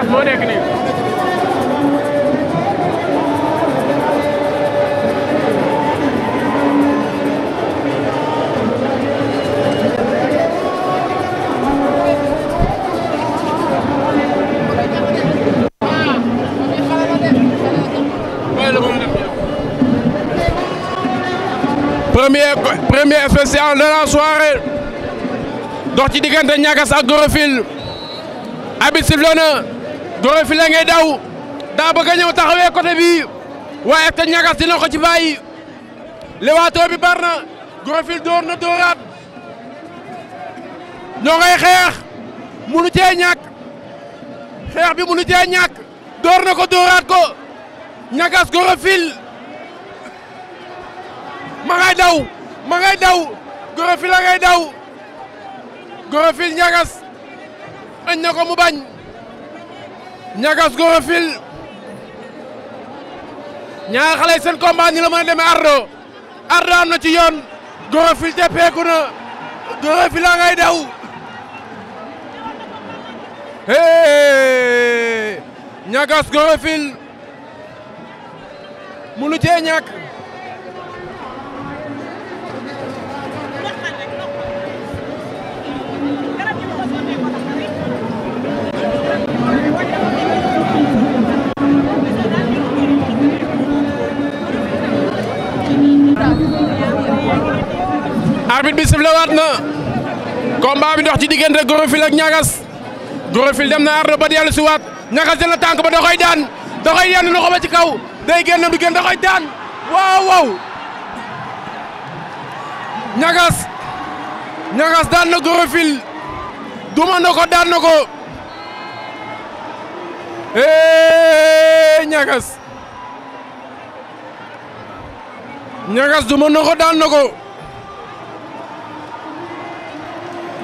Pagaas moo nekk nii. la soirée dox ci diggante Niagass ak Gorofil arbitre sifflé na Doro File ngay daw daa bëgg a ñëw taxawee côté bi waaye te ñagas dina ko ci bàyyi lewaatoo bi bar na Doro File na dooraat ñoo ngay xeex munu cee ñàkk xeex bi munu cee ñàkk door na ko dooraat ko ñagas Doro ma ngay daw ma ngay daw Doro daw Doro ñagas añ na ko mu bañ ñagas Gora File ñaar xale seen combat ni la mën Ardo Ardo am na ci yoon Gora File na Gora a ngay daw ñagas Gora File munu cee ñàkk arbitre bi siflé waat na combat bi dox ci diggante Gros ak ñagas Gros dem na ardo ba dellu si waat ñagas jël na tànk ba da daan da koy yenn loxo ba ci kaw day génn du génn da koy daan waaw waaw ñagas ñagas daan na Gros duma na daan na ko ñagas ñagas duma na daan na ko